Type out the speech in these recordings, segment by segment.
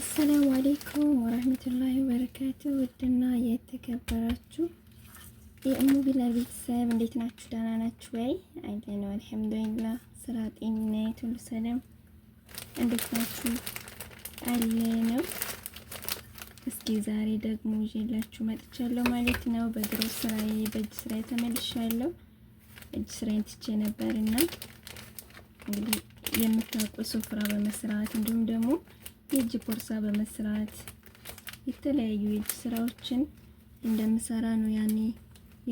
አሰላሙ አሌይኩም ወረህመቱላሂ በረካቱ። ውድና የተከበራችሁ የእሙ ቤተሰብ እንዴት ናችሁ? ደህና ናችሁ ወይ? አለነው አልሐምዱሊላህ። ስራ፣ ጤንነት ሁሉ ሰላም። እንዴት ናችሁ? አለነው። እስኪ ዛሬ ደግሞ ይዤላችሁ መጥቻለሁ ማለት ነው። በድሮ ስራዬ በእጅ ስራዬ ተመልሻለሁ። እጅ ስራዬን ትቼ ነበርና እንግዲህ የምታውቁ ስፍራ በመስራት እንዲሁም ደግሞ የእጅ ቦርሳ በመስራት የተለያዩ የእጅ ስራዎችን እንደምሰራ ነው ያኔ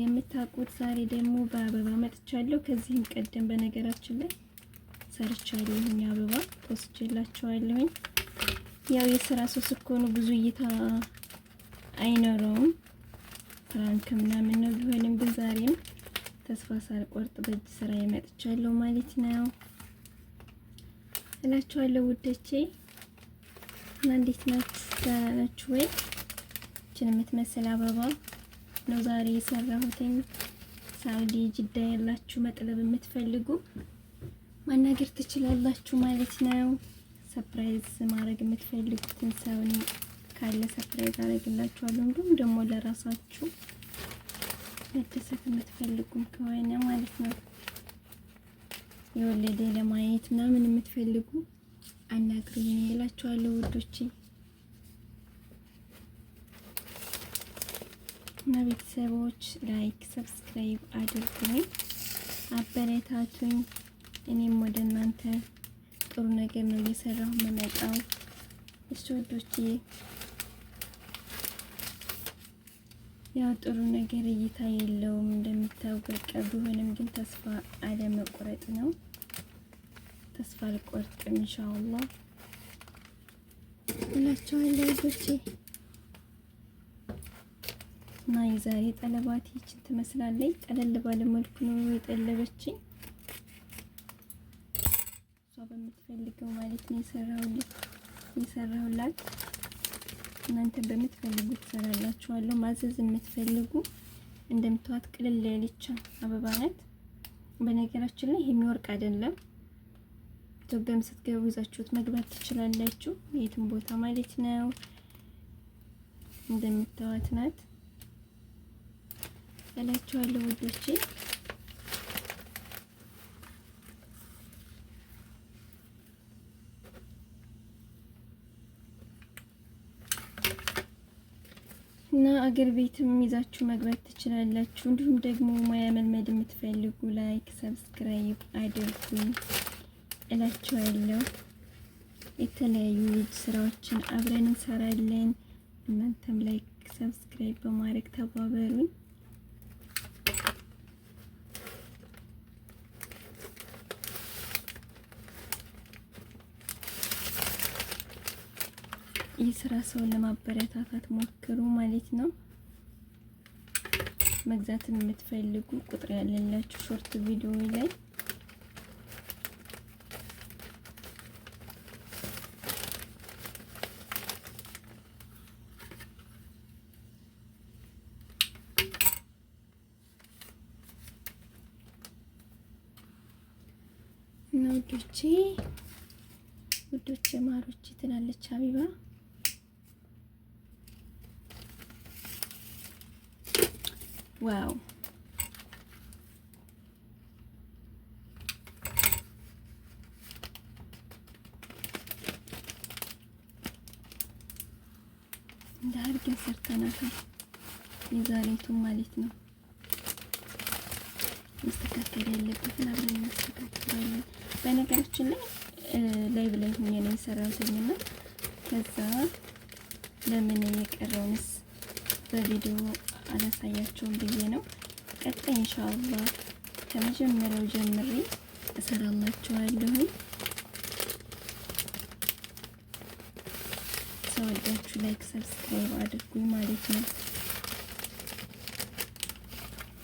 የምታውቁት። ዛሬ ደግሞ በአበባ መጥቻለሁ። ከዚህም ቀደም በነገራችን ላይ ሰርቻለሁኝ አበባ ወስጄላችኋለሁኝ። ያው የስራ ሰው ስትሆኑ ብዙ እይታ አይኖረውም። ፍራንክ ምናምን ነው ቢሆንም ግን ዛሬም ተስፋ ሳልቆርጥ በእጅ ስራ የመጥቻለሁ ማለት ነው እላችኋለሁ ውደቼ። እና እንዴት ናችሁ? ደህና ናችሁ ወይ? እችን የምትመስል አበባ ነው ዛሬ የሰራሁትኝ። ሳውዲ ጅዳ ያላችሁ መጥለብ የምትፈልጉ ማናገር ትችላላችሁ ማለት ነው። ሰፕራይዝ ማድረግ የምትፈልጉትን ሰውን ካለ ሰፕራይዝ አደርግላችኋለሁ። እንዲሁም ደግሞ ለራሳችሁ መደሰት የምትፈልጉም ከሆነ ማለት ነው የወለደ ለማየት ምናምን የምትፈልጉ አናግሩኝ እላችኋለሁ ውዶቼ እና ቤተሰቦች ላይክ ሰብስክራይብ አድርጉኝ፣ አበረታቱኝ። እኔም ወደ እናንተ ጥሩ ነገር ነው እየሰራሁ መመጣው እሺ ውዶቼ ያው ጥሩ ነገር እይታ የለውም እንደሚታወቀ ቢሆንም ግን ተስፋ አለመቁረጥ ነው። ተስፋ አልቆርጥም ኢንሻአላህ እላችኋለሁ ልጆቼ። እና የዛሬ ጠለባት ይችን ትመስላለች። ጠለል ባለ መልኩ ነው የጠለበችኝ እሷ በምትፈልገው ማለት ነው የሰራሁላት የሰራሁላት። እናንተ በምትፈልጉት ትሰራላችኋለሁ። ማዘዝ የምትፈልጉ እንደምታዋት ቅልል ያለች አበባ ናት። በነገራችን ላይ የሚወርቅ አይደለም ኢትዮጵያም ስትገቡ ይዛችሁት መግባት ትችላላችሁ። የትም ቦታ ማለት ነው። እንደምታዩት ናት እላችኋለሁ ውዶቼ። እና አገር ቤትም ይዛችሁ መግባት ትችላላችሁ። እንዲሁም ደግሞ ሙያ መልመድ የምትፈልጉ ላይክ፣ ሰብስክራይብ አድርጉኝ። እላችኋለሁ። የተለያዩ የእጅ ስራዎችን አብረን እንሰራለን። እናንተም ላይክ፣ ሰብስክራይብ በማድረግ ተባበሩኝ። የስራ ሰውን ለማበረታታት ሞክሩ ማለት ነው። መግዛትን የምትፈልጉ ቁጥር ያለላችሁ ሾርት ቪዲዮ ላይ ውዶቼ ውዶቼ ማሮቼ ትላለች ሀቢባ። ዋው እንደ ሀርግን ሰርተናታል። የዛሬቱ ማለት ነው መስተካከል ያለበትን በነገራችን ላይ ላይ ብላይ ሆኜ ነው የሰራሁትና ከዛ ለምን የቀረውንስ በቪዲዮ አላሳያቸውም ብዬ ነው። ቀጣይ ኢንሻአላህ ከመጀመሪያው ጀምሬ እሰራላችኋለሁኝ። ሰወዳችሁ ላይክ፣ ሰብስክራይብ አድርጉኝ ማለት ነው።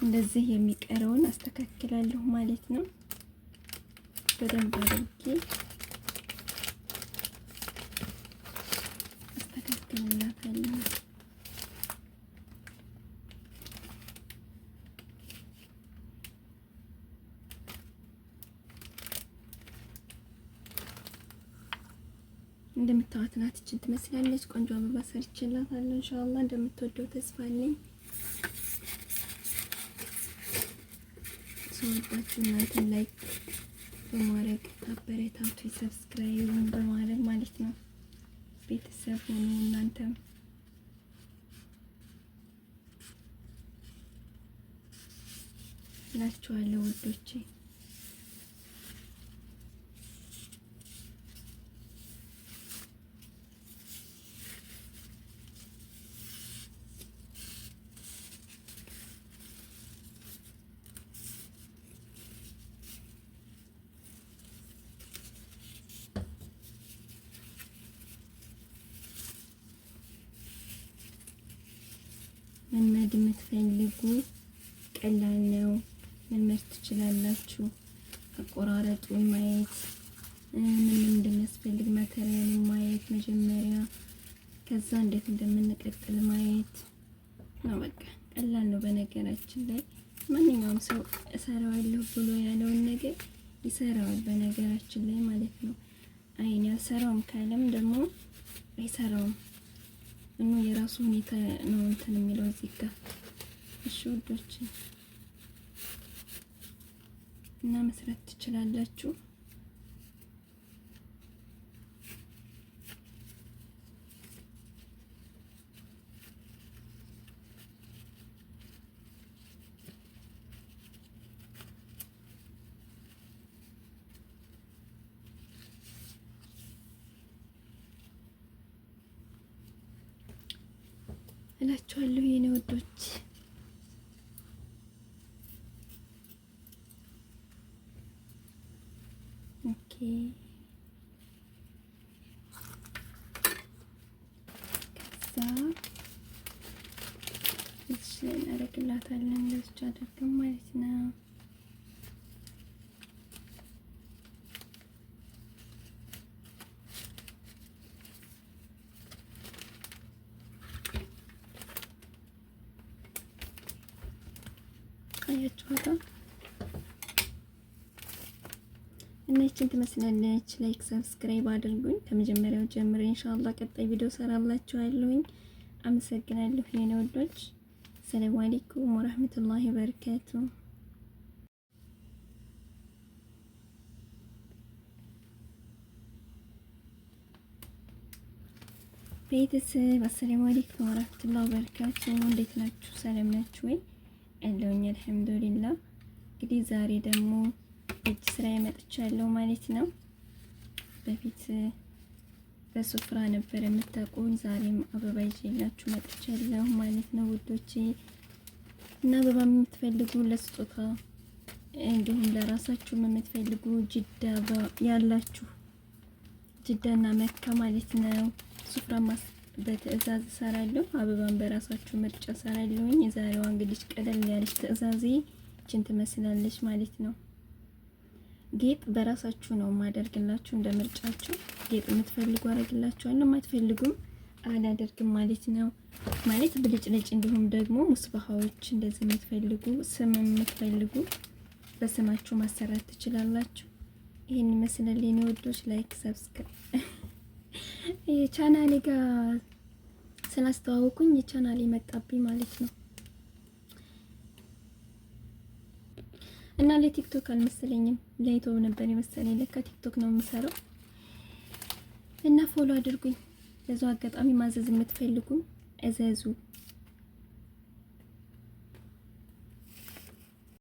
እንደዚህ የሚቀረውን አስተካክላለሁ ማለት ነው። በደንብ አድርጌ አስተካክልላታለሁ። እንደምታዋት ናት። ትመስላለች። ቆንጆ አበባ ሰርችላታለሁ። ኢንሻአላህ እንደምትወደው ተስፋ አለኝ። እናንተን ላይክ በማድረግ አበረታቱ ሰብስክራይብን በማድረግ ማለት ነው። ቤተሰብ ሆኑ እናንተም እላችኋለሁ ውዶቼ። መልመድ የምትፈልጉ ቀላል ነው፣ መልመድ ትችላላችሁ። አቆራረጡ ማየት ምንም እንደሚያስፈልግ ማቴሪያሉን ማየት መጀመሪያ፣ ከዛ እንዴት እንደምንቀጥል ማየት ነው። በቃ ቀላል ነው። በነገራችን ላይ ማንኛውም ሰው እሰራዋለሁ ብሎ ያለውን ነገር ይሰራዋል። በነገራችን ላይ ማለት ነው። አይ እኔ ካለም ደግሞ አይሰራውም። እና የራሱ ሁኔታ ነው እንትን የሚለው እዚህ ጋር። እሺ ውዶች እና መስራት ትችላላችሁ። እላችኋለሁ የኔ ወዶች። ኦኬ ከዛ እሺ እናደርግላታለን። ለብቻ አድርገን ማለት ነው። አያችኋታ። እና ይችን ትመስላለች። ላይክ ሰብስክራይብ አድርጉኝ። ከመጀመሪያው ጀምሬ ኢንሻአላህ ቀጣይ ቪዲዮ ሰራላችኋለሁኝ። አመሰግናለሁ የኔ ወዶች። ሰላም አለይኩም ወራህመቱላሂ ወበረካቱ። ቤተሰብ አሰላሙ አለይኩም ወራህመቱላሂ ወበረካቱ። እንዴት ናችሁ? ሰላም ናችሁ ወይ? አለውኝ አልሐምዱሊላ። እንግዲህ ዛሬ ደግሞ እጅ ስራ የመጥቻለሁ ማለት ነው። በፊት በሱፍራ ነበር የምታውቁን፣ ዛሬም አበባ ይዤላችሁ መጥቻለሁ ማለት ነው ውዶቼ። እና አበባ የምትፈልጉ ለስጦታ እንዲሁም ለራሳችሁም የምትፈልጉ ጅዳ ያላችሁ ጅዳና መካ ማለት ነው ሱፍራ ማስ በትዕዛዝ እሰራለሁ። አበባን በራሳችሁ ምርጫ እሰራለሁኝ። የዛሬዋ እንግዲህ ቀለል ያለች ትዕዛዜ ይችን ትመስላለች ማለት ነው። ጌጥ በራሳችሁ ነው ማደርግላችሁ፣ እንደ ምርጫችሁ ጌጥ የምትፈልጉ አደርግላችኋለሁ፣ የማትፈልጉም አላደርግም ማለት ነው። ማለት ብልጭልጭ፣ እንዲሁም ደግሞ ሙስባሃዎች እንደዚህ የምትፈልጉ ስም የምትፈልጉ በስማችሁ ማሰራት ትችላላችሁ። ይህን ይመስላል የኔ ወዶች። ላይክ ሰብስክራይብ የቻናሌ ጋር ስላስተዋወቁኝ የቻናሌ መጣብኝ ማለት ነው። እና ለቲክቶክ አልመሰለኝም ለዩቱብ ነበር የመሰለኝ። ለካ ቲክቶክ ነው የምሰራው። እና ፎሎ አድርጉኝ። ለዛው አጋጣሚ ማዘዝ የምትፈልጉ እዘዙ።